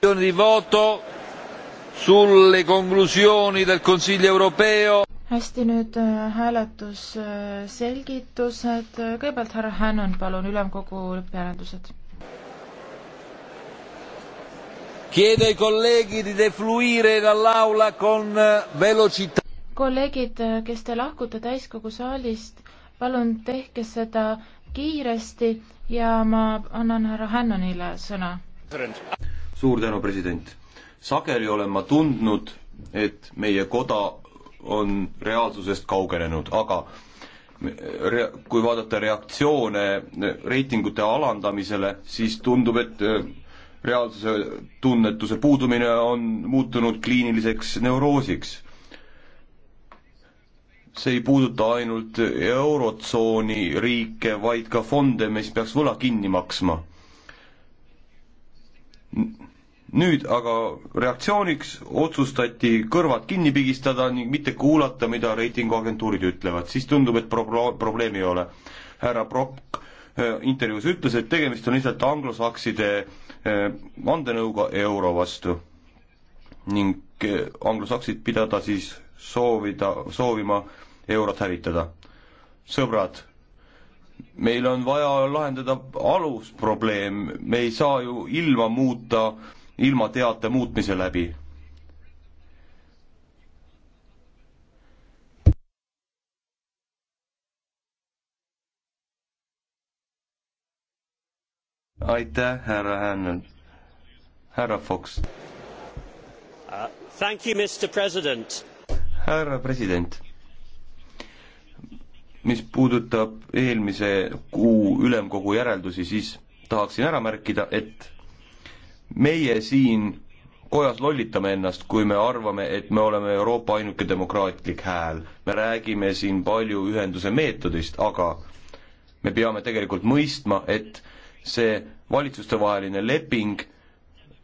dichiarazione di voto sulle conclusioni del Consiglio europeo. hästi, nüüd äh, hääletusselgitused. Äh, kõigepealt härra Hannon, palun, ülemkogu lõppjäreldused. Chiedo ai colleghi di defluire dall'aula con äh, velocità. kolleegid, kes te lahkute täiskogu saalist, palun tehke seda kiiresti ja ma annan härra Hannonile sõna suur tänu, president. sageli olen ma tundnud, et meie koda on reaalsusest kaugenenud, aga rea-, kui vaadata reaktsioone reitingute alandamisele, siis tundub, et äh, reaalsuse tunnetuse puudumine on muutunud kliiniliseks neuroosiks. see ei puuduta ainult Eurotsooni riike, vaid ka fonde, mis peaks võla kinni maksma nüüd aga reaktsiooniks otsustati kõrvad kinni pigistada ning mitte kuulata, mida reitinguagentuurid ütlevad, siis tundub, et pro-, probleemi ei ole. härra Brock äh, intervjuus ütles, et tegemist on lihtsalt anglosakside äh, vandenõuga euro vastu. ning äh, anglosaksid pidada siis soovida, soovima eurot hävitada. sõbrad, meil on vaja lahendada alusprobleem, me ei saa ju ilma muuta äh, ilma teate muutmise läbi. aitäh, härra Hännel. härra Fox uh, härra president mis puudutab eelmise kuu ülemkogu järeldusi siis tahaksin ära märkida et meie siin kojas lollitame ennast, kui me arvame, et me oleme Euroopa ainuke demokraatlik hääl. me räägime siin palju ühenduse meetodist, aga me peame tegelikult mõistma, et see valitsustevaheline leping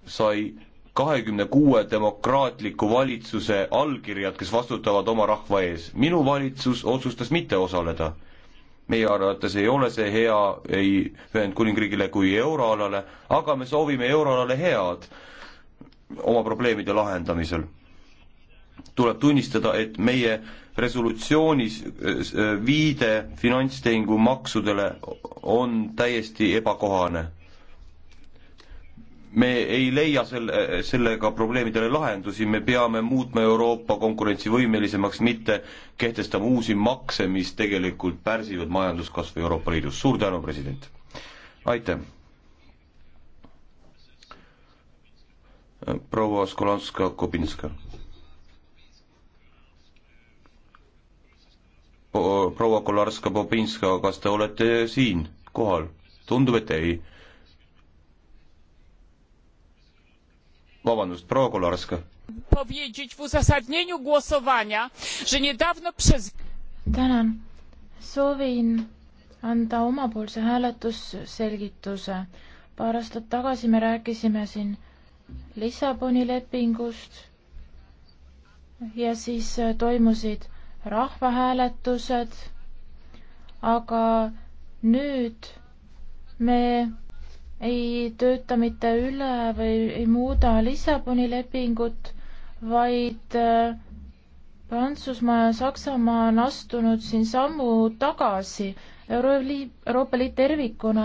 sai kahekümne kuue demokraatliku valitsuse allkirjad, kes vastutavad oma rahva ees. minu valitsus otsustas mitte osaleda meie arvates ei ole see hea ei Ühendkuningriigile kui euroalale, aga me soovime euroalale head oma probleemide lahendamisel. tuleb tunnistada, et meie resolutsioonis äh, viide finantstehingu maksudele on täiesti ebakohane me ei leia selle, sellega probleemidele lahendusi, me peame muutma Euroopa konkurentsivõimelisemaks, mitte kehtestama uusi makse, mis tegelikult pärsivad majanduskasvu Euroopa Liidus. suur tänu, president! aitäh! proua Skolanska-Kobinska. proua Kolarska-Bobinska, kas te olete siin kohal? tundub, et ei vabandust, proua Kolarska. tänan, soovin anda omapoolse hääletusselgituse. paar aastat tagasi me rääkisime siin Lissaboni lepingust ja siis toimusid rahvahääletused, aga nüüd me ei tööta mitte üle või ei muuda Lissaboni lepingut, vaid äh, Prantsusmaa ja Saksamaa on astunud siin sammu tagasi. Euroopa Liit tervikuna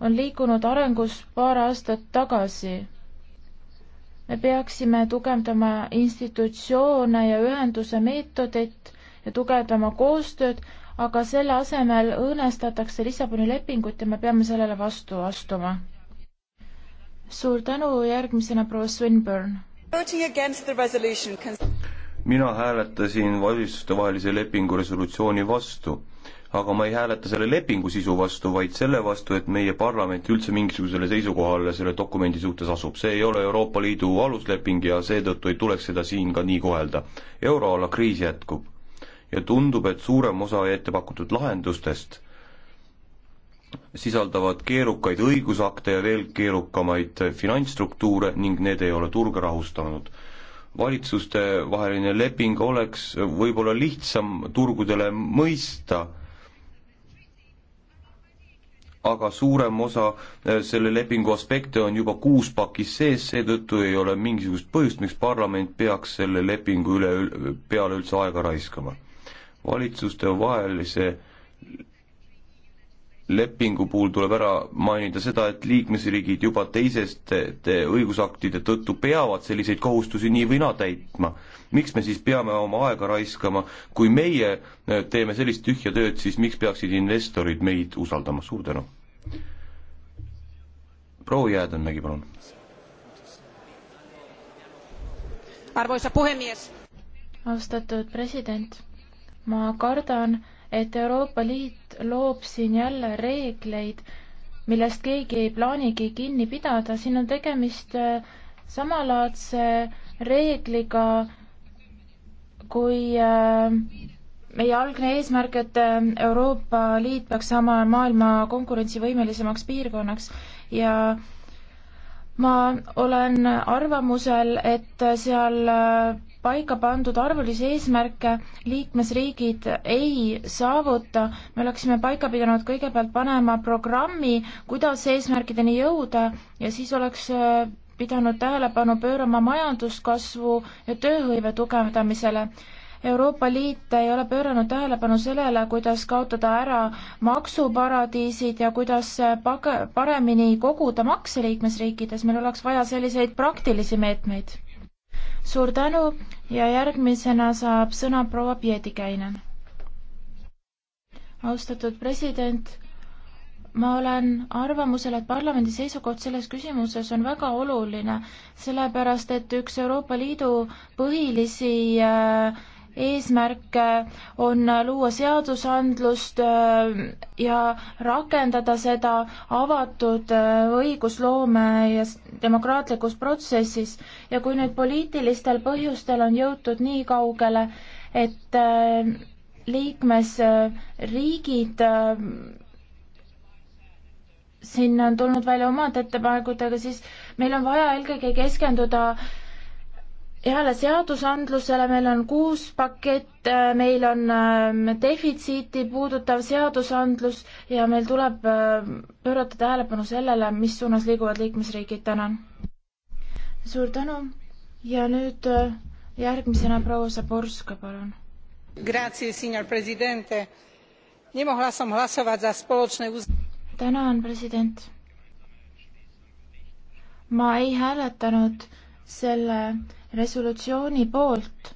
on liikunud arengus paar aastat tagasi. me peaksime tugevdama institutsioone ja ühenduse meetodit ja tugevdama koostööd, aga selle asemel õõnestatakse Lissaboni lepingut ja me peame sellele vastu astuma. suur tänu, järgmisena proua Swinburne. mina hääletasin valitsustevahelise lepingu resolutsiooni vastu, aga ma ei hääleta selle lepingu sisu vastu, vaid selle vastu, et meie parlament üldse mingisugusele seisukohale selle dokumendi suhtes asub. see ei ole Euroopa Liidu alusleping ja seetõttu ei tuleks seda siin ka nii kohelda. euroala kriis jätkub ja tundub, et suurem osa ette pakutud lahendustest sisaldavad keerukaid õigusakte ja veel keerukamaid finantsstruktuure ning need ei ole turge rahustanud. valitsustevaheline leping oleks võib-olla lihtsam turgudele mõista, aga suurem osa eh, selle lepingu aspekte on juba kuus pakis sees, seetõttu ei ole mingisugust põhjust, miks parlament peaks selle lepingu üle, peale üldse aega raiskama valitsustevahelise lepingu puhul tuleb ära mainida seda, et liikmesriigid juba teiseste õigusaktide tõttu peavad selliseid kohustusi nii või naa täitma. miks me siis peame oma aega raiskama, kui meie äh, teeme sellist tühja tööd, siis miks peaksid investorid meid usaldama, suur tänu. proua Jäädenmägi, palun. arvoisa puhemees. austatud president ma kardan, et Euroopa Liit loob siin jälle reegleid, millest keegi ei plaanigi kinni pidada, siin on tegemist äh, samalaadse reegliga kui äh, meie algne eesmärk, et äh, Euroopa Liit peaks saama maailma konkurentsivõimelisemaks piirkonnaks ja ma olen arvamusel, et seal paika pandud arvulisi eesmärke liikmesriigid ei saavuta. me oleksime paika pidanud kõigepealt panema programmi, kuidas eesmärkideni jõuda ja siis oleks äh, pidanud tähelepanu pöörama majanduskasvu ja tööhõive tugevdamisele. Euroopa Liit ei ole pööranud tähelepanu sellele, kuidas kaotada ära maksuparadiisid ja kuidas äh, page-, paremini koguda makse liikmesriikides, meil oleks vaja selliseid praktilisi meetmeid suur tänu ja järgmisena saab sõna proua Pietikäinen. austatud president, ma olen arvamusel, et parlamendi seisukoht selles küsimuses on väga oluline, sellepärast et üks Euroopa Liidu põhilisi äh, eesmärk äh, on luua seadusandlust äh, ja rakendada seda avatud äh, õigusloome ja demokraatlikus protsessis ja kui nüüd poliitilistel põhjustel on jõutud nii kaugele, et liikmesriigid siin on tulnud välja omad ettepanekutega, siis meil on vaja eelkõige keskenduda äh, heale seadusandlusele, meil on kuus pakett, äh, meil on ähm, defitsiiti puudutav seadusandlus ja meil tuleb äh, pöörata tähelepanu sellele, mis suunas liiguvad liikmesriigid, tänan. suur tänu ja nüüd äh, järgmisena proua Zaborska, palun. tänan, president. ma ei hääletanud selle resolutsiooni poolt.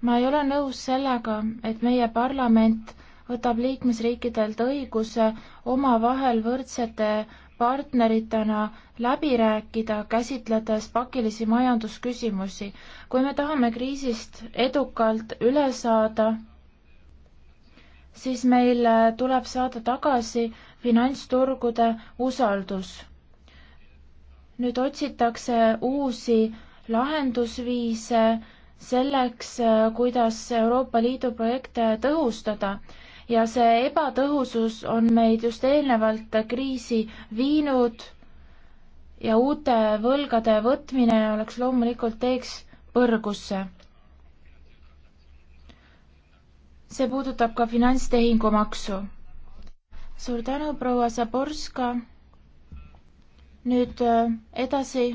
ma ei ole nõus sellega, et meie parlament võtab liikmesriikidelt õiguse omavahel võrdsete partneritena läbi rääkida, käsitledes pakilisi majandusküsimusi. kui me tahame kriisist edukalt üle saada, siis meil tuleb saada tagasi finantsturgude usaldus. nüüd otsitakse uusi lahendusviise äh, selleks, äh, kuidas Euroopa Liidu projekte tõhustada ja see ebatõhusus on meid just eelnevalt kriisi viinud ja uute võlgade võtmine oleks loomulikult teeks põrgusse. see puudutab ka finantstehingumaksu. suur tänu, proua Zaborska. nüüd äh, edasi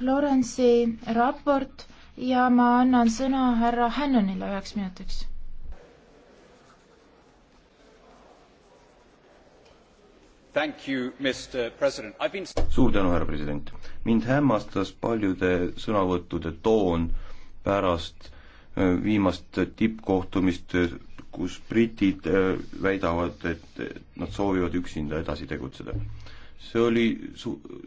Florence'i raport ja ma annan sõna härra Hannonile üheks minutiks. You, been... suur tänu, härra president. mind hämmastas paljude sõnavõttude toon pärast äh, viimast tippkohtumist, kus britid äh, väidavad, et nad soovivad üksinda edasi tegutseda see oli,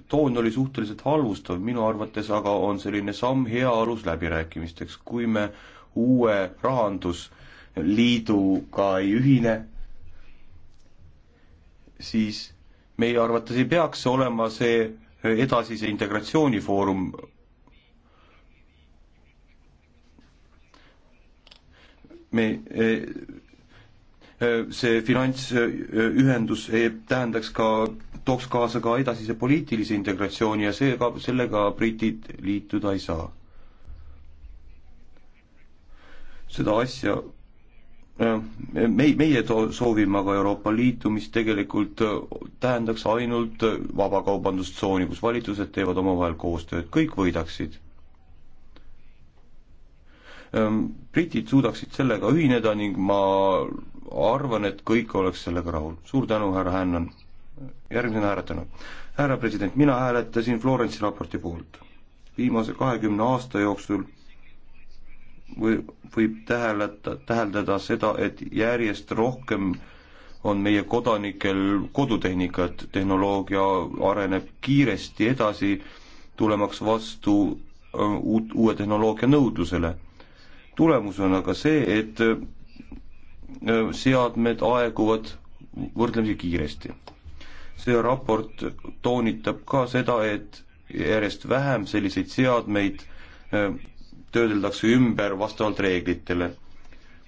toon oli suhteliselt halvustav, minu arvates aga on selline samm hea alus läbirääkimisteks, kui me uue rahandusliiduga ei ühine, siis meie arvates ei peaks olema see edasise integratsiooni foorum. me eh, see finantsühendus tähendaks ka, tooks kaasa ka edasise poliitilise integratsiooni ja seega, sellega britid liituda ei saa. seda asja äh, mei-, meie to-, soovime aga Euroopa Liitu, mis tegelikult äh, tähendaks ainult vabakaubandustsooni, kus valitsused teevad omavahel koostööd, kõik võidaksid Ehm, britid suudaksid sellega ühineda ning ma arvan, et kõik oleks sellega rahul. suur tänu, härra Hännon. järgmisena hääletame. härra president, mina hääletasin Florence'i raporti poolt. viimase kahekümne aasta jooksul või võib täheleda, täheldada seda, et järjest rohkem on meie kodanikel kodutehnikat, tehnoloogia areneb kiiresti edasi, tulemaks vastu uut, uue tehnoloogia nõudlusele tulemus on aga see, et äh, seadmed aeguvad võrdlemisi kiiresti. see raport toonitab ka seda, et järjest vähem selliseid seadmeid äh, töödeldakse ümber vastavalt reeglitele.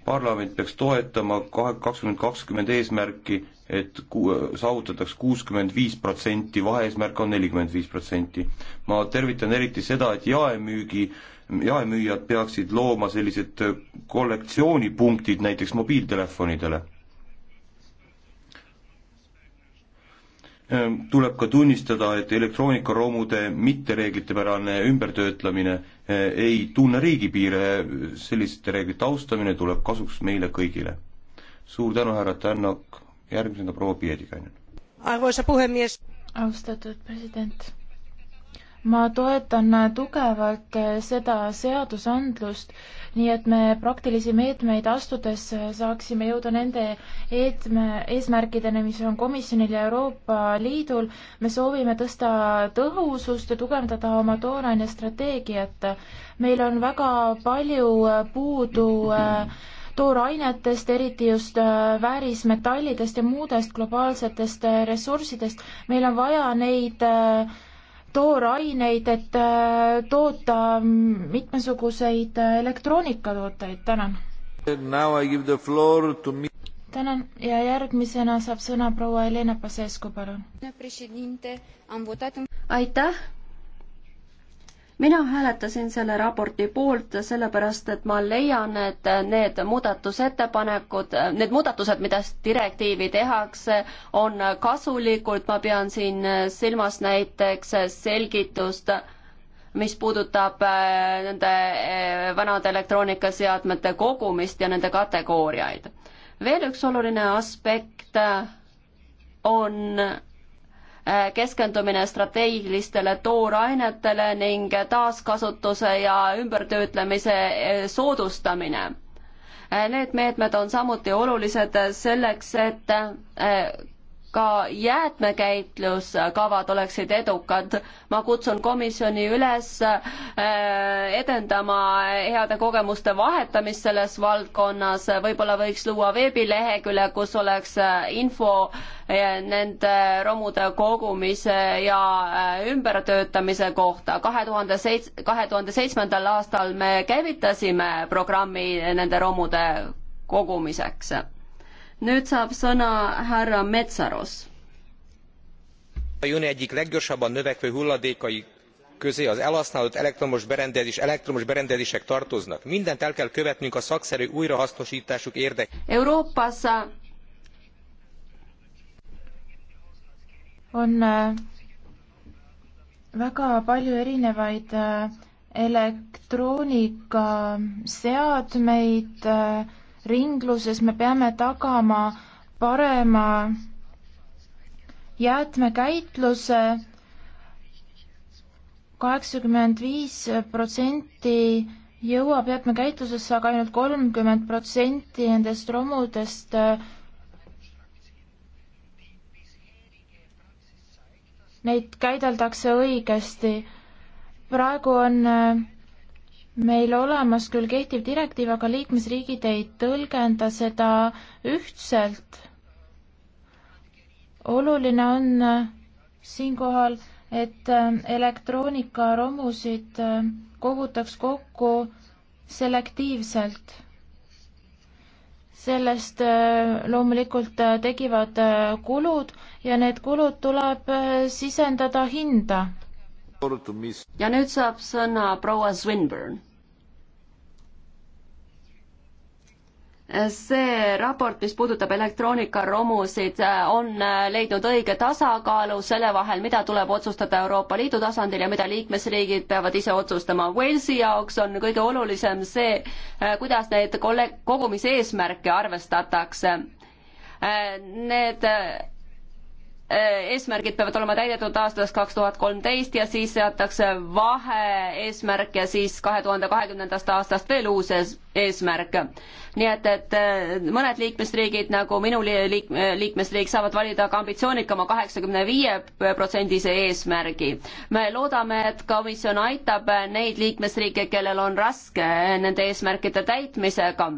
parlament peaks toetama kahe, kakskümmend kakskümmend eesmärki, et ku-, saavutataks kuuskümmend viis protsenti, vaheeesmärk on nelikümmend viis protsenti. ma tervitan eriti seda, et jaemüügi äh, jaemüüjad peaksid looma sellised äh, kollektsioonipunktid näiteks mobiiltelefonidele. Ehm, tuleb ka tunnistada, et elektroonikaromude mittereeglitepärane ümbertöötlemine äh, ei tunne riigipiire, selliste reeglite austamine tuleb kasuks meile kõigile. suur tänu, härra Tänak, järgmisena proua Pietikäinen. arvoisa puhemees. austatud president ma toetan tugevalt seda seadusandlust, nii et me praktilisi meetmeid astudes saaksime jõuda nende eetme, eesmärkideni, mis on Komisjonil ja Euroopa Liidul. me soovime tõsta tõhusust ja tugevdada oma toonaine strateegiat. meil on väga palju puudu äh, toorainetest, eriti just äh, väärismetallidest ja muudest globaalsetest äh, ressurssidest. meil on vaja neid äh, tooraineid, et äh, toota mitmesuguseid äh, elektroonikatooteid, tänan. tänan ja järgmisena saab sõna proua Helena Pasescu, palun. aitäh mina hääletasin selle raporti poolt, sellepärast et ma leian, et need muudatusettepanekud, need muudatused, mida direktiivi tehakse, on kasulikud, ma pean siin silmas näiteks selgitust, mis puudutab äh, nende äh, vanade elektroonikaseadmete kogumist ja nende kategooriaid. veel üks oluline aspekt äh, on keskendumine strateegilistele toorainetele ning taaskasutuse ja ümbertöötlemise eh, soodustamine. Eh, need meetmed on samuti olulised selleks, et eh, ka jäätmekäitluskavad oleksid edukad. ma kutsun komisjoni üles äh, edendama heade kogemuste vahetamist selles valdkonnas, võib-olla võiks luua veebilehekülje, kus oleks äh, info äh, nende romude kogumise ja ümbertöötamise kohta. kahe tuhande seits-, kahe tuhande seitsmendal aastal me käivitasime programmi nende romude kogumiseks nüüd saab sõna härra Metsaros. a jön egyik leggyorsabban növekvő hulladékai közé az elhasználott elektromos berendezés elektromos berendezések tartoznak. mindent el kell követnünk a szakszerű újrahasznostásuk érdekében. euroopas on väga palju erinevaid elektroonikaseadmeid ringluses, me peame tagama parema jäätmekäitluse. kaheksakümmend viis protsenti jõuab jäätmekäitlusesse, aga ainult kolmkümmend protsenti nendest romudest Neid käideldakse õigesti. praegu on äh, meil olemas küll kehtiv direktiiv, aga liikmesriigid ei tõlgenda seda ühtselt. oluline on äh, siinkohal, et äh, elektroonikaromusid äh, kogutaks kokku selektiivselt. sellest loomulikult tekivad kulud ja need kulud tuleb sisendada hinda ja nüüd saab sõna proua Swinburne. see raport, mis puudutab elektroonikaromusid, on leidnud õige tasakaalu selle vahel, mida tuleb otsustada Euroopa Liidu tasandil ja mida liikmesriigid peavad ise otsustama. Walesi jaoks on kõige olulisem see, kuidas neid kogumise eesmärke arvestatakse. Need Äh, eesmärgid peavad olema täidetud aastast kaks tuhat kolmteist ja siis seatakse vahe-eesmärk ja siis kahe tuhande kahekümnendast aastast veel uus eesmärk. nii et, et äh, mõned liikmesriigid nagu minu liik-, äh, liikmesriik saavad valida ka ambitsioonikama kaheksakümne viie protsendise eesmärgi. me loodame, et komisjon aitab neid liikmesriike, kellel on raske nende eesmärkide täitmisega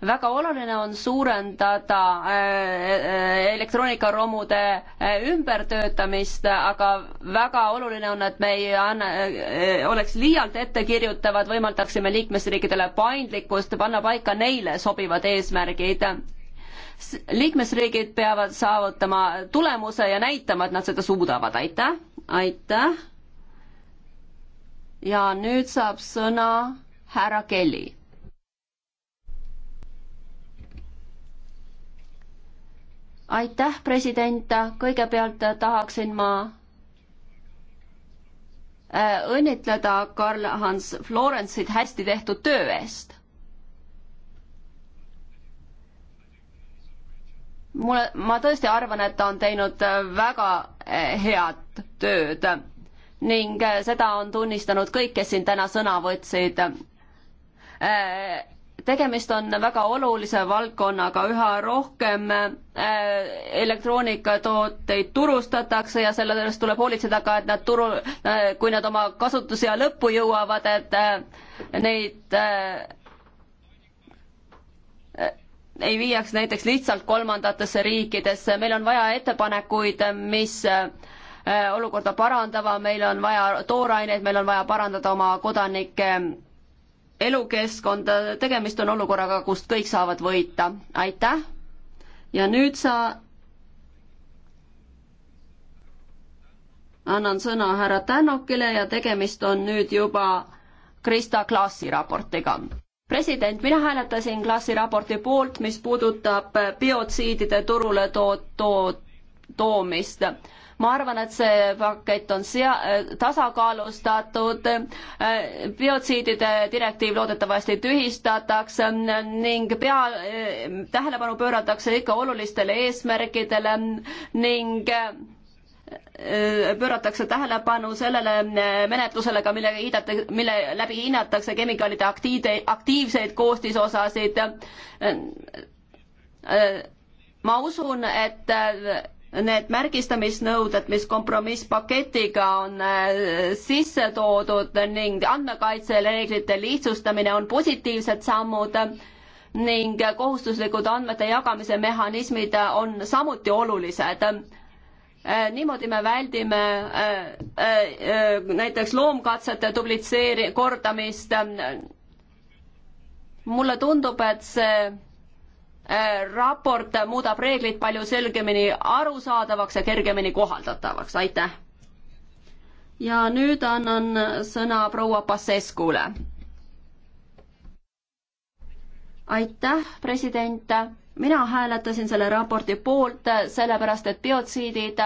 väga oluline on suurendada äh, äh, elektroonikaromude äh, ümbertöötamist, aga väga oluline on, et me ei anna, oleks liialt ettekirjutavad, võimaldaksime liikmesriikidele paindlikkust, panna paika neile sobivad eesmärgid liikmesriigid peavad saavutama tulemuse ja näitama, et nad seda suudavad, aitäh, aitäh. ja nüüd saab sõna härra Kelly aitäh, president, kõigepealt tahaksin ma äh, õnnitleda Karl-Hans Florensit hästi tehtud töö eest. mulle, ma tõesti arvan, et ta on teinud äh, väga äh, head tööd ning seda on tunnistanud kõik, kes siin täna sõna võtsid tegemist on väga olulise valdkonnaga, üha rohkem äh, elektroonikatooteid turustatakse ja sellest tuleb hoolitseda ka, et nad turu, äh, kui nad oma kasutuse ja lõppu jõuavad, et äh, neid ei viiaks näiteks lihtsalt kolmandatesse riikidesse, meil on vaja ettepanekuid, mis olukorda parandava, meil on vaja tooraineid, meil on vaja parandada oma kodanike elukeskkonda, tegemist on olukorraga, kust kõik saavad võita. aitäh ja nüüd sa annan sõna härra Tänokile ja tegemist on nüüd juba Krista Klaasi raportiga. president, mina hääletasin Klaasi raporti poolt, mis puudutab biotsiidide turule to-, to-, toomist ma arvan, et see pakett on sea-, tasakaalustatud, biotsiidide direktiiv loodetavasti tühistatakse ning pea, tähelepanu pööratakse ikka olulistele eesmärkidele ning äh, pööratakse tähelepanu sellele menetlusele ka, millega hiidate, mille läbi hinnatakse kemikaalide aktiivde, aktiivseid koostisosasid. Äh, äh, ma usun, et need märgistamisnõuded, mis kompromisspaketiga on äh, sisse toodud ning andmekaitsereeglite lihtsustamine on positiivsed sammud ning kohustuslikud andmete jagamise mehhanismid on samuti olulised. Äh, niimoodi me väldime äh, näiteks loomkatsete dublitseeri-, kordamist. mulle tundub, et see raport muudab reeglid palju selgemini arusaadavaks ja kergemini kohaldatavaks, aitäh. ja nüüd annan sõna proua Passeskule. aitäh, president, mina hääletasin selle raporti poolt, sellepärast et biotsiidid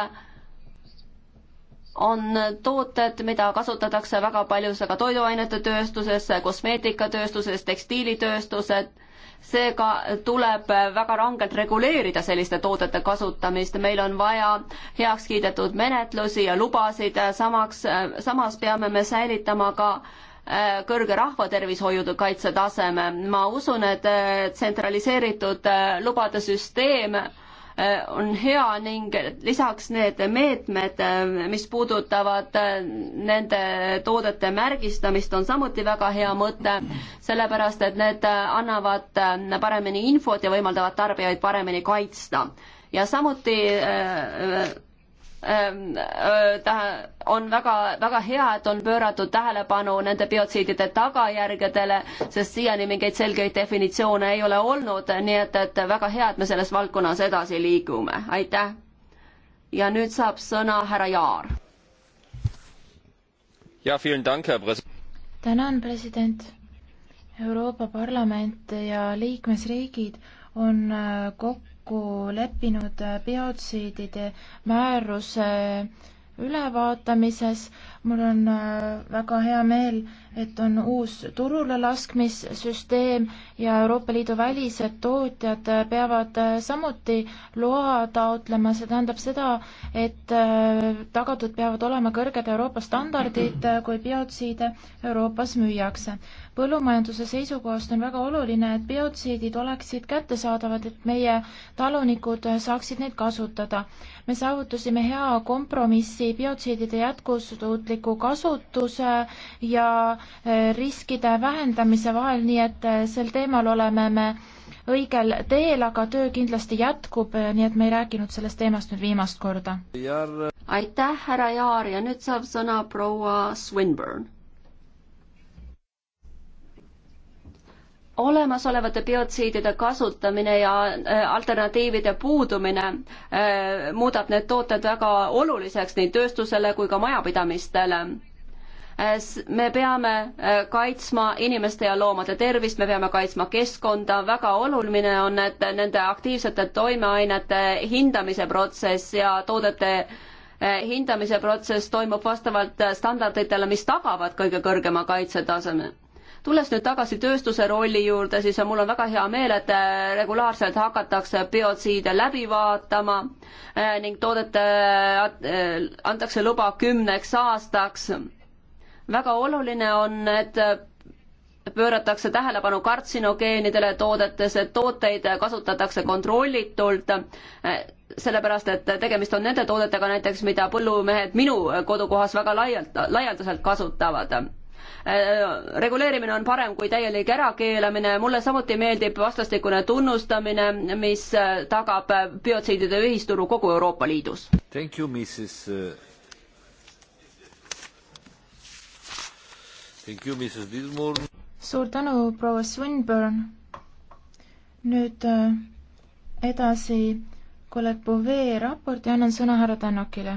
on tooted, mida kasutatakse väga paljus, aga toiduainete tööstuses, kosmeetikatööstuses, tekstiilitööstused seega tuleb väga rangelt reguleerida selliste toodete kasutamist, meil on vaja heaks kiidetud menetlusi ja lubasid, samaks, äh, samas peame me säilitama ka äh, kõrge rahvatervishoiu kaitsetaseme. ma usun, et äh, tsentraliseeritud lubade süsteem Äh, on hea ning lisaks need meetmed, äh, mis puudutavad äh, nende toodete märgistamist, on samuti väga hea mõte, sellepärast et need annavad paremini infot ja võimaldavad tarbijaid paremini kaitsta. ja samuti Ähm, äh, ta on väga, väga hea, et on pööratud tähelepanu nende biotsiidide tagajärgedele, sest siiani mingeid selgeid definitsioone ei ole olnud, nii et, et väga hea, et me selles valdkonnas edasi liigume, aitäh. ja nüüd saab sõna härra Jaar. tänan, president. Euroopa Parlament ja liikmesriigid on äh, kokku kokku leppinud biotsiidide määruse ülevaatamises. mul on äh, väga hea meel et on uus turule laskmissüsteem ja Euroopa Liidu välised tootjad peavad samuti loa taotlema, see tähendab seda, et äh, tagatud peavad olema kõrged Euroopa standardid, äh, kui biotsiide Euroopas müüakse. põllumajanduse seisukohast on väga oluline, et biotsiidid oleksid kättesaadavad, et meie talunikud saaksid neid kasutada. me saavutasime hea kompromissi biotsiidide jätkusuutliku kasutuse ja riskide vähendamise vahel, nii et äh, sel teemal oleme me õigel teel, aga töö kindlasti jätkub, äh, nii et me ei rääkinud sellest teemast nüüd viimast korda. aitäh, härra Jaar ja nüüd saab sõna proua Swinburne. olemasolevate biotsiidide kasutamine ja äh, alternatiivide puudumine muudab need tooted väga oluliseks nii tööstusele kui ka majapidamistele Äh, me peame äh, kaitsma inimeste ja loomade tervist, me peame kaitsma keskkonda, väga oluline on, et nende aktiivsete toimeainete hindamise protsess ja toodete äh, hindamise protsess toimub vastavalt standarditele, mis tagavad kõige kõrgema kaitsetaseme. tulles nüüd tagasi tööstuse rolli juurde, siis mul on väga hea meel, et regulaarselt hakatakse biotsiide läbi vaatama ning toodete, antakse luba kümneks aastaks väga oluline on, et pööratakse tähelepanu kartsinogeenidele toodetes, et tooteid kasutatakse kontrollitult, sellepärast et tegemist on nende toodetega näiteks, mida põllumehed minu kodukohas väga laialt, laialdaselt kasutavad reguleerimine on parem kui täielik ärakeelamine, mulle samuti meeldib vastastikune tunnustamine, mis tagab biotsiidide ühisturu kogu Euroopa Liidus. Thank you, Mrs suur tänu, proua Swinburne. nüüd äh, edasi kolleeg Bovee raporti, annan sõna härra Tänakile.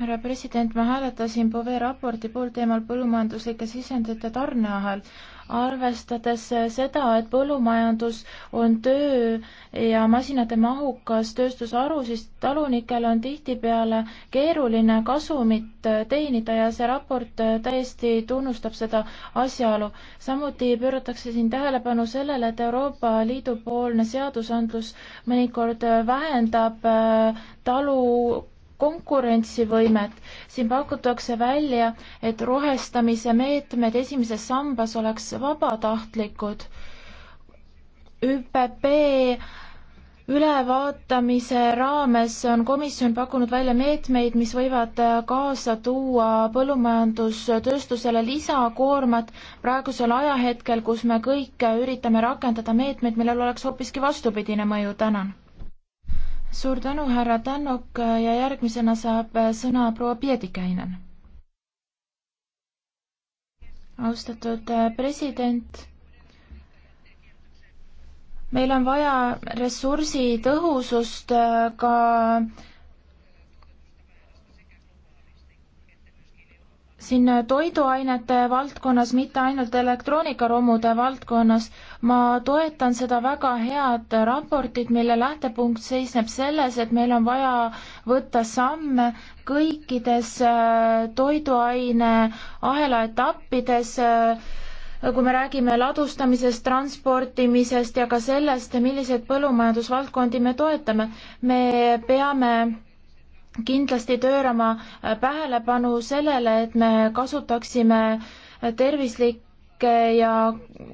härra president, ma hääletasin Bovee raporti poolt teemal põllumajanduslikes sisendite tarneahel, arvestades seda, et põllumajandus on töö ja masinate mahukas tööstusharu, siis talunikel on tihtipeale keeruline kasumit teenida ja see raport täiesti tunnustab seda asjaolu. samuti pööratakse siin tähelepanu sellele, et Euroopa Liidu poolne seadusandlus mõnikord vähendab äh, talu konkurentsivõimet. siin pakutakse välja, et rohestamise meetmed esimeses sambas oleks vabatahtlikud. ÜPP ülevaatamise raames on komisjon pakkunud välja meetmeid, mis võivad kaasa tuua põllumajandustööstusele lisakoormat praegusel ajahetkel, kus me kõik üritame rakendada meetmeid, millel oleks hoopiski vastupidine mõju. tänan suur tänu, härra Tannok ja järgmisena saab sõna proua Piedikäinen. austatud äh, president, meil on vaja ressursitõhusust äh, ka äh, siin toiduainete valdkonnas, mitte ainult elektroonikaromude valdkonnas. ma toetan seda väga head raportit, mille lähtepunkt seisneb selles, et meil on vaja võtta samme kõikides äh, toiduaine ahela etappides äh, kui me räägime ladustamisest, transportimisest ja ka sellest, milliseid põllumajandusvaldkondi me toetame, me peame kindlasti pöörama äh, tähelepanu sellele, et me kasutaksime äh, tervislik kõike ja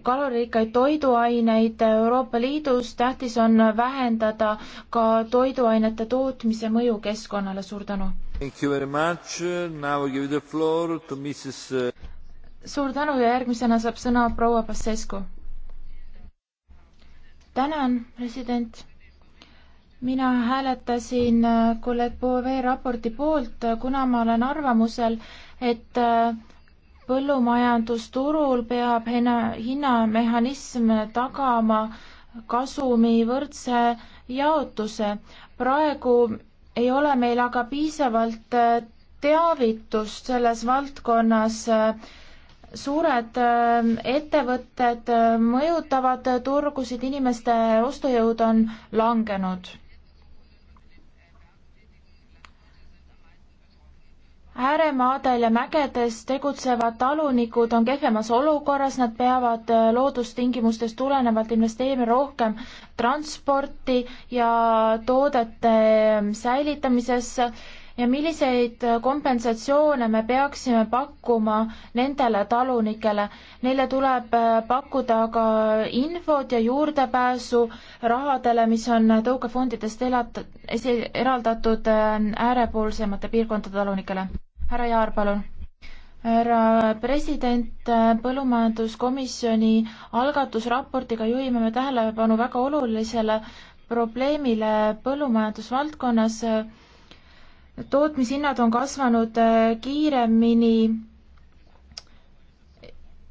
kalorikkaid toiduaineid Euroopa Liidus. tähtis on vähendada ka toiduainete tootmise mõju keskkonnale. suur tänu! Mrs... Äh, suur tänu ja järgmisena saab sõna proua Pasescu. tänan, president mina hääletasin kolleeg äh, Bove raporti poolt, äh, kuna ma olen arvamusel, et äh, põllumajandusturul peab hinna, hinnamehhanism tagama kasumi võrdse jaotuse. praegu ei ole meil aga piisavalt teavitust selles valdkonnas suured ettevõtted mõjutavad turgusid, inimeste ostujõud on langenud ääremaadel ja mägedes tegutsevad talunikud on kehvemas olukorras, nad peavad äh, loodustingimustest tulenevalt investeerima rohkem transporti ja toodete ähm, säilitamisesse ja milliseid äh, kompensatsioone me peaksime pakkuma nendele talunikele. Neile tuleb äh, pakkuda ka infot ja juurdepääsu rahadele, mis on tõukefondidest elat-, eraldatud äärepoolsemate piirkondade talunikele härra Jaar, palun härra president, põllumajanduskomisjoni algatusraportiga juhime me tähelepanu väga olulisele probleemile põllumajandusvaldkonnas. tootmishinnad on kasvanud kiiremini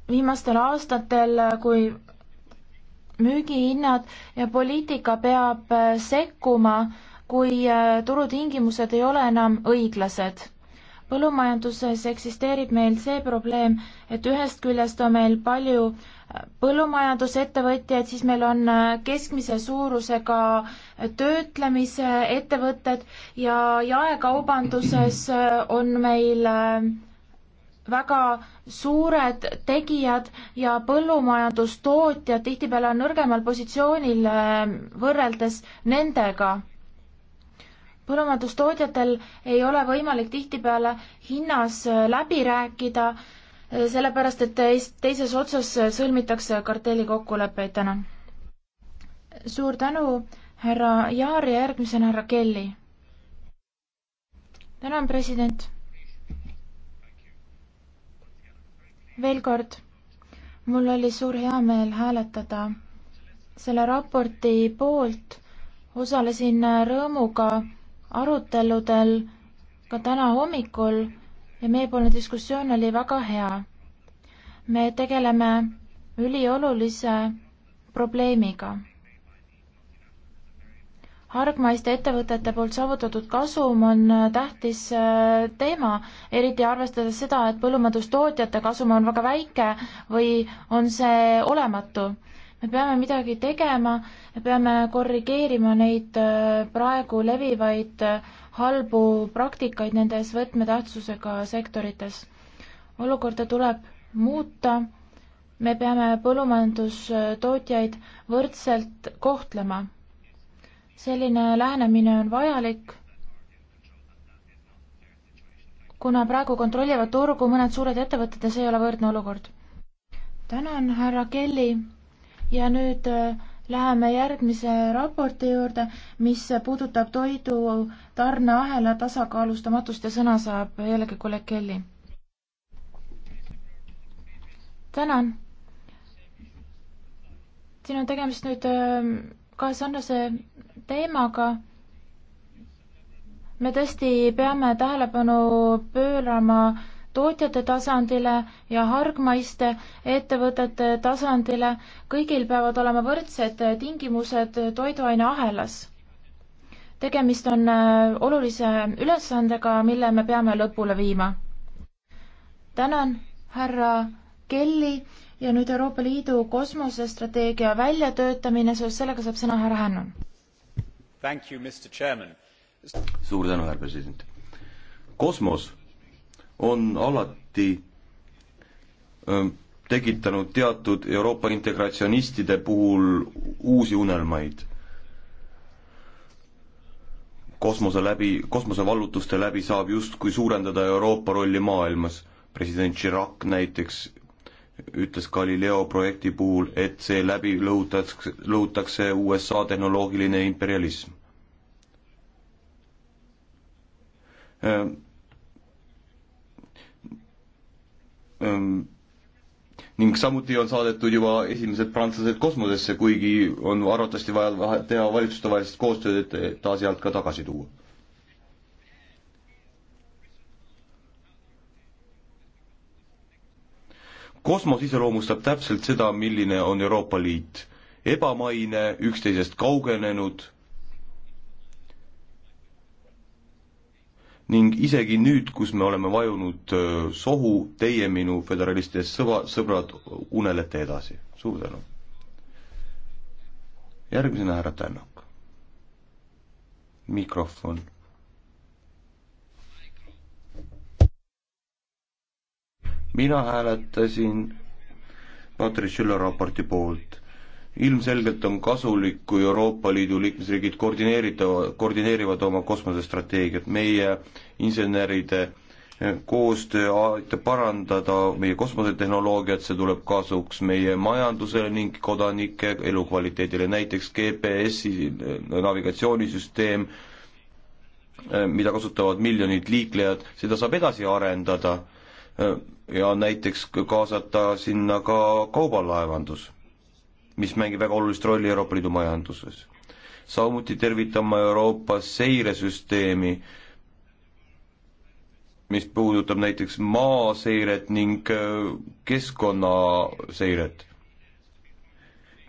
viimastel aastatel kui müügihinnad ja poliitika peab sekkuma, kui turutingimused ei ole enam õiglased põllumajanduses eksisteerib meil see probleem, et ühest küljest on meil palju äh, põllumajandusettevõtjaid, siis meil on äh, keskmise suurusega äh, töötlemise ettevõtted ja jaekaubanduses on meil väga suured tegijad ja põllumajandustootjad tihtipeale on nõrgemal positsioonil võrreldes nendega põllumajandustootjatel ei ole võimalik tihtipeale hinnas äh, läbi rääkida, äh, sellepärast et teises otsas äh, sõlmitakse kartellikokkuleppeid täna. suur tänu, härra Jaar ja järgmisena härra Kelly. tänan, president. veel kord, mul oli suur heameel hääletada selle raporti poolt, osalesin rõõmuga aruteludel ka täna hommikul ja meiepoolne diskussioon oli väga hea. me tegeleme üliolulise probleemiga. hargmaiste ettevõtete poolt saavutatud kasum on äh, tähtis äh, teema, eriti arvestades seda, et põllumajandustootjate kasum on väga väike või on see olematu me peame midagi tegema, me peame korrigeerima neid äh, praegu levivaid äh, halbu praktikaid nendes võtmetähtsusega sektorites. olukorda tuleb muuta, me peame põllumajandustootjaid võrdselt kohtlema. selline lähenemine on vajalik, kuna praegu kontrollivad turgu mõned suured ettevõtted ja see ei ole võrdne olukord. tänan, härra Kelly ja nüüd äh, läheme järgmise raporti juurde, mis puudutab toidu tarneahela tasakaalustamatust ja sõna saab jällegi kolleeg Kelly. tänan. siin on tegemist nüüd äh, kahe sarnase teemaga me tõesti peame tähelepanu pöörama tootjate tasandile ja hargmaiste ettevõtete tasandile, kõigil peavad olema võrdsed tingimused toiduaineahelas. tegemist on äh, olulise ülesandega, mille me peame lõpule viima. tänan, härra Kelly ja nüüd Euroopa Liidu kosmosestrateegia väljatöötamine, seoses sellega saab sõna härra Hännon. suur tänu, härra president. kosmos on alati ähm, tekitanud teatud Euroopa integratsionistide puhul uusi unelmaid. kosmose läbi, kosmosevallutuste läbi saab justkui suurendada Euroopa rolli maailmas. president Chirac näiteks ütles Galileo projekti puhul, et see läbi lõhutakse, lõhutakse USA tehnoloogiline imperialism ähm, ning samuti on saadetud juba esimesed prantslased kosmosesse, kuigi on arvatavasti vaja teha valitsustevahelist koostööd, et, et ta sealt ka tagasi tuua. kosmos iseloomustab täpselt seda, milline on Euroopa Liit. ebamaine, üksteisest kaugenenud ning isegi nüüd, kus me oleme vajunud sohu, teie, minu föderalistidest sõva, sõbrad, unelete edasi. suur tänu. järgmisena härra Tänak. mikrofon. mina hääletasin Patrick Schiller raporti poolt ilmselgelt on kasulik, kui Euroopa Liidu liikmesriigid koordineeritava, koordineerivad oma kosmosestrateegiat, meie inseneride eh, koostöö aitab parandada meie kosmosetehnoloogiat, see tuleb kasuks meie majandusele ning kodanike elukvaliteedile, näiteks GPS-i eh, navigatsioonisüsteem, eh, mida kasutavad miljonid liiklejad, seda saab edasi arendada ja näiteks kaasata sinna ka kaubalaevandus mis mängib väga olulist rolli Euroopa Liidu majanduses. samuti tervitan ma Euroopa seiresüsteemi, mis puudutab näiteks maaseiret ning äh, keskkonnaseiret.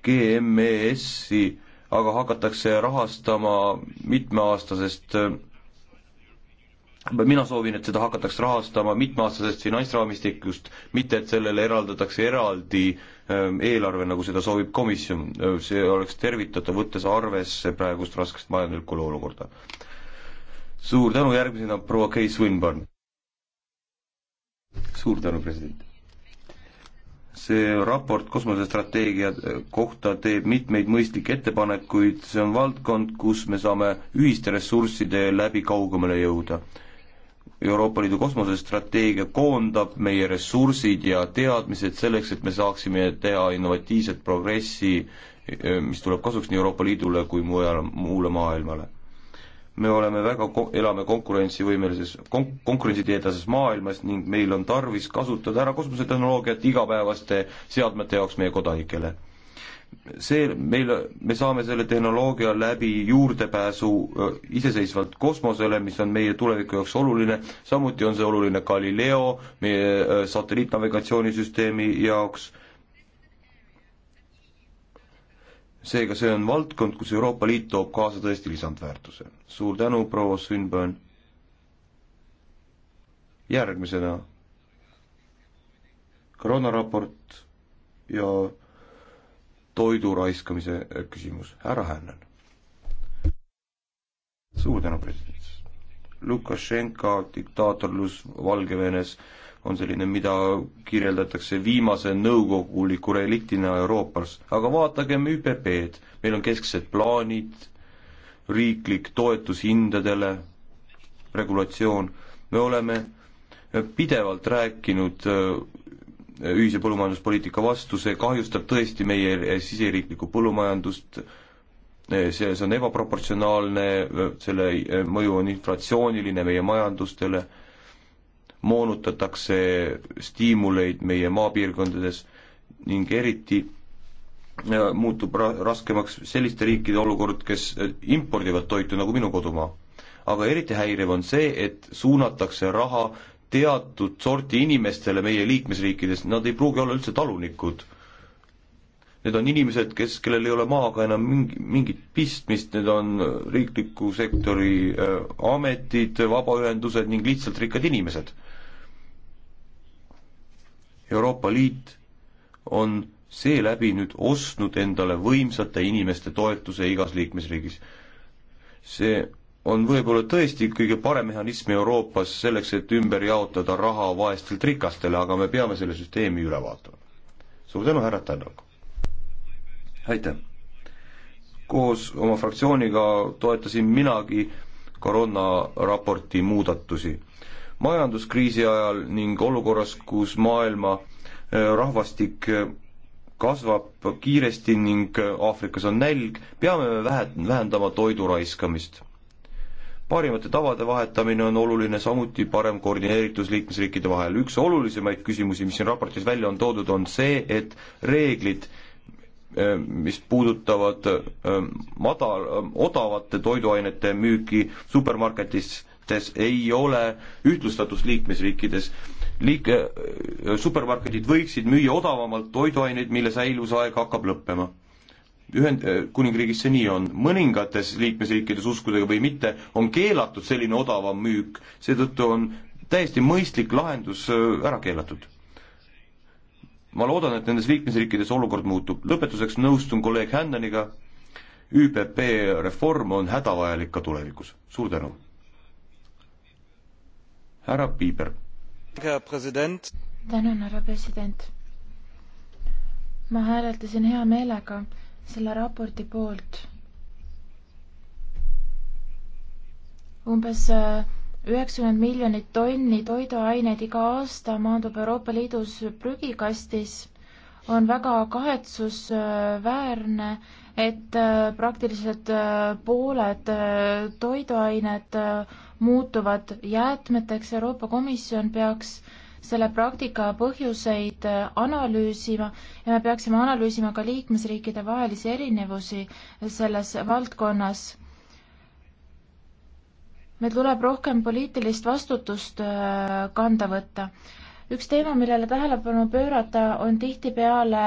GMES-i aga hakatakse rahastama mitmeaastasest äh, mina soovin, et seda hakatakse rahastama mitmeaastasest finantsraamistikust, mitte et sellele eraldatakse eraldi ähm, eelarve, nagu seda soovib komisjon. Äh, see oleks tervitatav, võttes arvesse praegust raskest majanduslikku olukorda. suur tänu, järgmisena proua Kay Swinburne. suur tänu, president. see raport kosmosestrateegia äh, kohta teeb mitmeid mõistlikke ettepanekuid, see on valdkond, kus me saame ühiste ressursside läbi kaugemale jõuda Euroopa Liidu kosmosestrateegia koondab meie ressursid ja teadmised selleks, et me saaksime teha innovatiivset progressi, eh, mis tuleb kasuks nii Euroopa Liidule kui mujal, muule maailmale. me oleme väga, elame konkurentsivõimelises kon-, konkurentsitiedases maailmas ning meil on tarvis kasutada ära kosmosetehnoloogiat igapäevaste seadmete jaoks meie kodanikele see, meil, me saame selle tehnoloogia läbi juurdepääsu iseseisvalt kosmosele, mis on meie tuleviku jaoks oluline, samuti on see oluline Galileo, meie satelliitnavigatsioonisüsteemi jaoks, seega see on valdkond, kus Euroopa Liit toob kaasa tõesti lisandväärtuse. suur tänu, proua Swinburne! järgmisena koroonaraport ja toidu raiskamise küsimus, härra Hännan. suur tänu, president. Lukašenka diktaatorlus Valgevenes on selline, mida kirjeldatakse viimase nõukoguliku reliktina Euroopas, aga vaatagem ÜPP-d, meil on kesksed plaanid, riiklik toetus hindadele, regulatsioon, me oleme pidevalt rääkinud äh, ühise põllumajanduspoliitika vastu, see kahjustab tõesti meie siseriiklikku põllumajandust, see, see on ebaproportsionaalne, selle mõju on inflatsiooniline meie majandustele, moonutatakse stiimuleid meie maapiirkondades ning eriti muutub ra-, raskemaks selliste riikide olukord, kes impordivad toitu, nagu minu kodumaa. aga eriti häiriv on see, et suunatakse raha teatud sorti inimestele meie liikmesriikides, nad ei pruugi olla üldse talunikud. Need on inimesed, kes, kellel ei ole maaga enam mingi, mingit pistmist, need on äh, riikliku sektori äh, ametid, vabaühendused ning lihtsalt rikkad inimesed. Euroopa Liit on seeläbi nüüd ostnud endale võimsate inimeste toetuse igas liikmesriigis. see on võib-olla tõesti kõige parem mehhanism Euroopas selleks, et ümber jaotada raha vaestelt rikastele, aga me peame selle süsteemi üle vaatama. suur tänu, härra Tänak! aitäh! koos oma fraktsiooniga toetasin minagi koroona raporti muudatusi. majanduskriisi ajal ning olukorras, kus maailma eh, rahvastik eh, kasvab kiiresti ning eh, Aafrikas on nälg, peame me vähe, vähendama toidu raiskamist parimate tavade vahetamine on oluline, samuti parem koordineeritus liikmesriikide vahel. üks olulisemaid küsimusi, mis siin raportis välja on toodud, on see, et reeglid, eh, mis puudutavad eh, madal, eh, odavate toiduainete müüki supermarketistes, ei ole ühtlustatus liikmesriikides liik-, supermarketid võiksid müüa odavamalt toiduaineid, mille säilusaeg hakkab lõppema ühend-, äh, kuningriigis see nii on, mõningates liikmesriikides, uskudega või mitte, on keelatud selline odavam müük, seetõttu on täiesti mõistlik lahendus äh, ära keelatud. ma loodan, et nendes liikmesriikides olukord muutub, lõpetuseks nõustun kolleeg Händaniga, ÜPP reform on hädavajalik ka tulevikus, suur tänu. härra Piiber. tänan, härra president. ma hääletasin hea meelega selle raporti poolt. umbes äh, üheksakümmend miljonit tonni toiduaineid iga aasta maandub Euroopa Liidus prügikastis. on väga kahetsusväärne, et äh, praktiliselt äh, pooled toiduained muutuvad jäätmeteks, Euroopa Komisjon peaks äh, selle praktika põhjuseid äh, analüüsima ja me peaksime analüüsima ka liikmesriikide vahelisi erinevusi selles valdkonnas. meil tuleb rohkem poliitilist vastutust äh, kanda võtta. üks teema, millele tähelepanu pöörata, on tihtipeale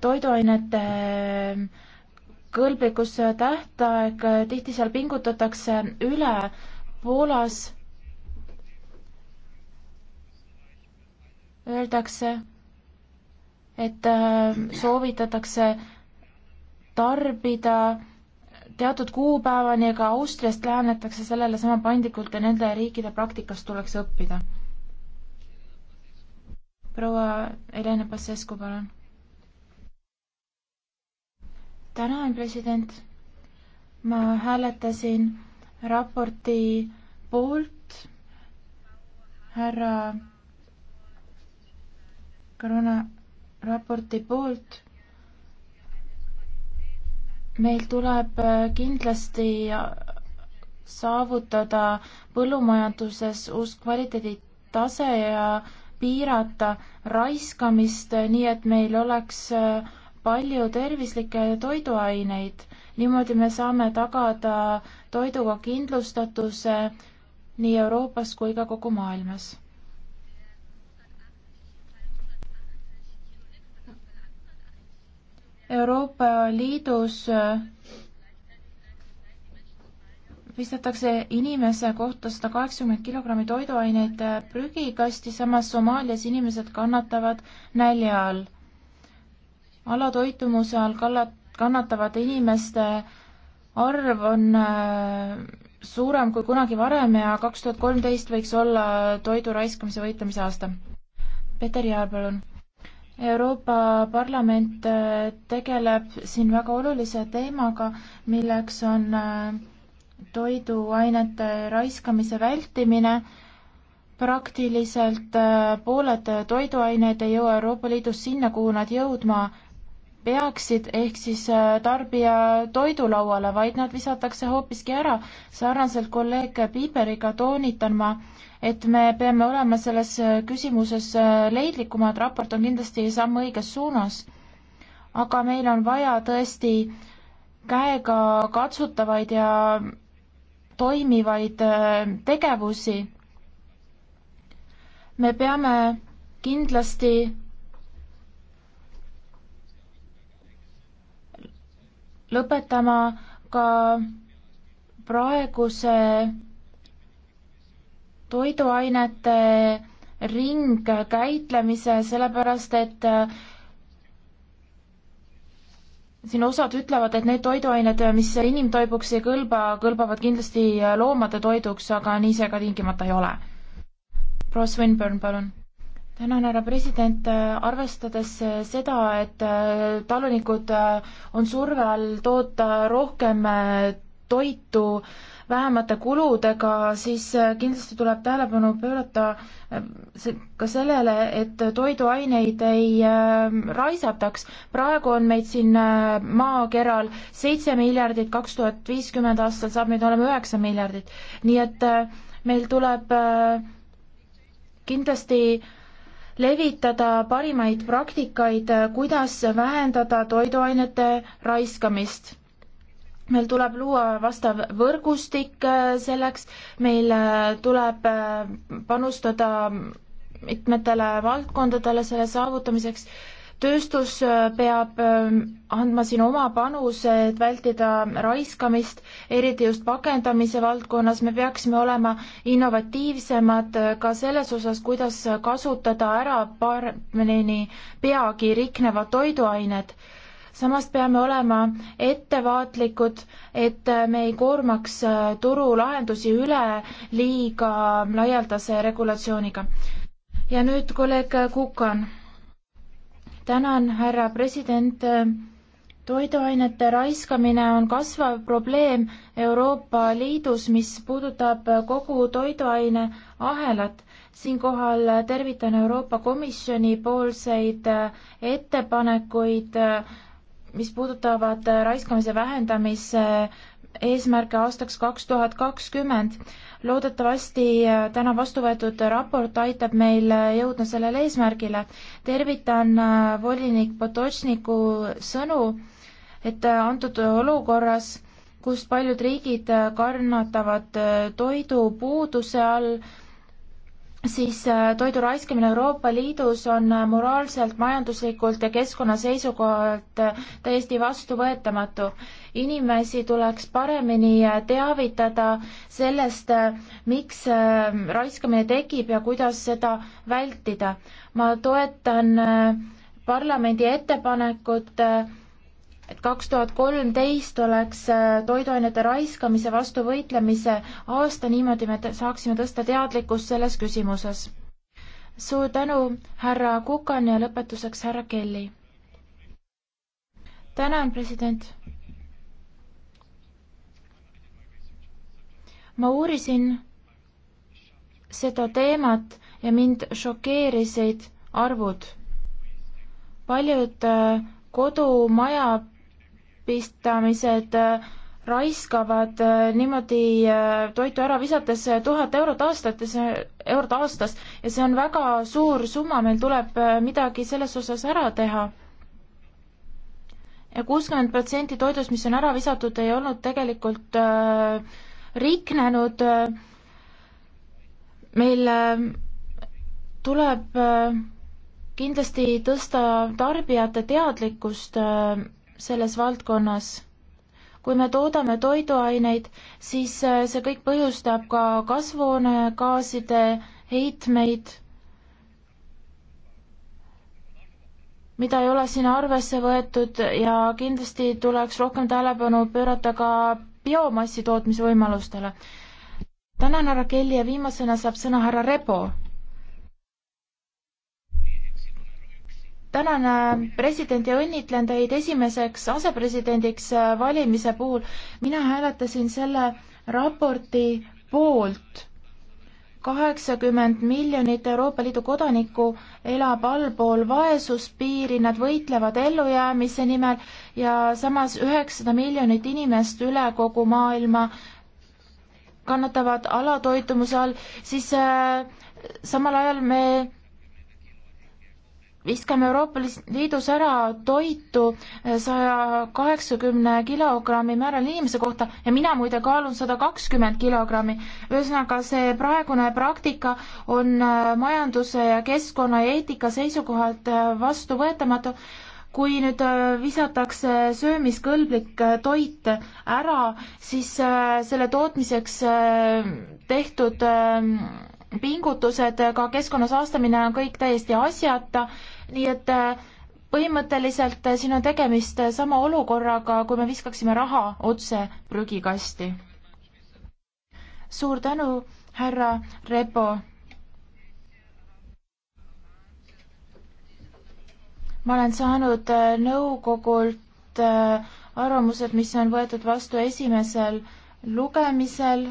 toiduainete äh, kõlblikkustähtaeg, tihti seal pingutatakse üle Poolas öeldakse, et äh, soovitatakse tarbida teatud kuupäevani, aga Austriast lähenetakse sellele sama paindlikult ja nende riikide praktikast tuleks õppida. proua Helena Pasescu, palun. tänan, president. ma hääletasin raporti poolt härra Corona raporti poolt. meil tuleb äh, kindlasti saavutada põllumajanduses uus kvaliteeditase ja piirata raiskamist, nii et meil oleks äh, palju tervislikke toiduaineid. niimoodi me saame tagada toiduga kindlustatuse nii Euroopas kui ka kogu maailmas Euroopa Liidus äh, visatakse inimese kohta sada kaheksakümmend kilogrammi toiduaineid äh, prügikasti, samas Somaalias inimesed kannatavad nälja all. alatoitumuse all kallat-, kannatavate inimeste arv on äh, suurem kui kunagi varem ja kaks tuhat kolmteist võiks olla toidu raiskamise võitlemise aasta. Peeter Jaar, palun Euroopa Parlament äh, tegeleb siin väga olulise teemaga, milleks on äh, toiduainete raiskamise vältimine. praktiliselt äh, pooled toiduained ei jõua Euroopa Liidus sinna, kuhu nad jõudma peaksid, ehk siis tarbija toidulauale, vaid nad visatakse hoopiski ära. sarnaselt kolleeg Piiberiga toonitan ma, et me peame olema selles küsimuses äh, leidlikumad, raport on kindlasti samm õiges suunas. aga meil on vaja tõesti käega katsutavaid ja toimivaid äh, tegevusi. me peame kindlasti lõpetama ka praeguse toiduainete ringkäitlemise, sellepärast et äh, siin osad ütlevad, et need toiduained, mis inimtoibuks ei kõlba, kõlbavad kindlasti loomade toiduks, aga nii see ka tingimata ei ole. proua Swinburne, palun. tänan, härra president, arvestades seda, et äh, talunikud äh, on surve all toota rohkem toitu, vähemate kuludega, siis äh, kindlasti tuleb tähelepanu pöörata äh, ka sellele, et toiduaineid ei äh, raisataks. praegu on meid siin maakeral seitse miljardit, kaks tuhat viiskümmend aastal saab meid olema üheksa miljardit. nii et meil tuleb kindlasti levitada parimaid praktikaid, kuidas vähendada toiduainete raiskamist meil tuleb luua vastav võrgustik äh, selleks, meil äh, tuleb äh, panustada mitmetele valdkondadele selle saavutamiseks. tööstus peab ähm, andma siin oma panuse, et vältida raiskamist, eriti just pakendamise valdkonnas, me peaksime olema innovatiivsemad ka selles osas, kuidas kasutada ära paremini peagi riknevad toiduained samas peame olema ettevaatlikud, et me ei koormaks äh, turulahendusi üle liiga laialdase regulatsiooniga. ja nüüd kolleeg Kukan. tänan, härra president. toiduainete raiskamine on kasvav probleem Euroopa Liidus, mis puudutab kogu toiduaineahelat siinkohal tervitan Euroopa Komisjoni poolseid ettepanekuid mis puudutavad äh, raiskamise vähendamise äh, eesmärke aastaks kaks tuhat kakskümmend. loodetavasti äh, täna vastu võetud raport aitab meil jõuda sellele eesmärgile. tervitan volinik Potočniku sõnu, et antud olukorras, kus paljud riigid kannatavad toidupuuduse all, siis äh, toidu raiskamine Euroopa Liidus on äh, moraalselt, majanduslikult ja keskkonna seisukohalt äh, täiesti vastuvõetamatu. inimesi tuleks paremini teavitada sellest, miks raiskamine tekib ja kuidas seda vältida. ma toetan parlamendi ettepanekut äh, et kaks tuhat kolmteist oleks äh, toiduainete raiskamise vastu võitlemise aasta, niimoodi me saaksime tõsta teadlikkust selles küsimuses. suur tänu, härra Kukan ja lõpetuseks härra Kelly. tänan, president. ma uurisin seda teemat ja mind šokeerisid arvud. paljud äh, kodumajad pistamised äh, raiskavad äh, niimoodi äh, toitu ära visates tuhat eurot aastates, eurot aastas ja see on väga suur summa, meil tuleb midagi selles osas ära teha ja. ja kuuskümmend protsenti toidust, mis on ära visatud, ei olnud tegelikult äh, riknenud äh,. meil äh, tuleb äh, kindlasti tõsta tarbijate teadlikkust äh, selles valdkonnas. kui me toodame toiduaineid, siis äh, see kõik põhjustab ka kasvuhoonegaaside heitmeid, mida ei ole siin arvesse võetud ja kindlasti tuleks rohkem tähelepanu pöörata ka biomassi tootmisvõimalustele. tänan, härra Kelly ja viimasena saab sõna härra Rebo tänan president ja õnnitlen teid esimeseks asepresidendiks äh, valimise puhul. mina hääletasin selle raporti poolt. kaheksakümmend miljonit Euroopa Liidu kodanikku elab allpool vaesuspiiri, nad võitlevad ellujäämise nimel ja samas üheksasada miljonit inimest üle kogu maailma kannatavad alatoitumuse all, siis äh, samal ajal me viskame Euroopa Liidus ära toitu eh, saja kaheksakümne kilogrammi määral inimese kohta ja mina muide kaalun sada kakskümmend kilogrammi. ühesõnaga, see praegune praktika on eh, majanduse ja keskkonna ja eetika seisukohalt eh, vastuvõetamatu. kui nüüd visatakse söömiskõlblik toit ära, siis selle tootmiseks tehtud pingutused, ka keskkonna saastamine on kõik täiesti asjata, nii et äh, põhimõtteliselt äh, siin on tegemist äh, sama olukorraga, kui me viskaksime raha otse prügikasti. suur tänu, härra Repo. ma olen saanud nõukogult arvamused, mis on võetud vastu esimesel lugemisel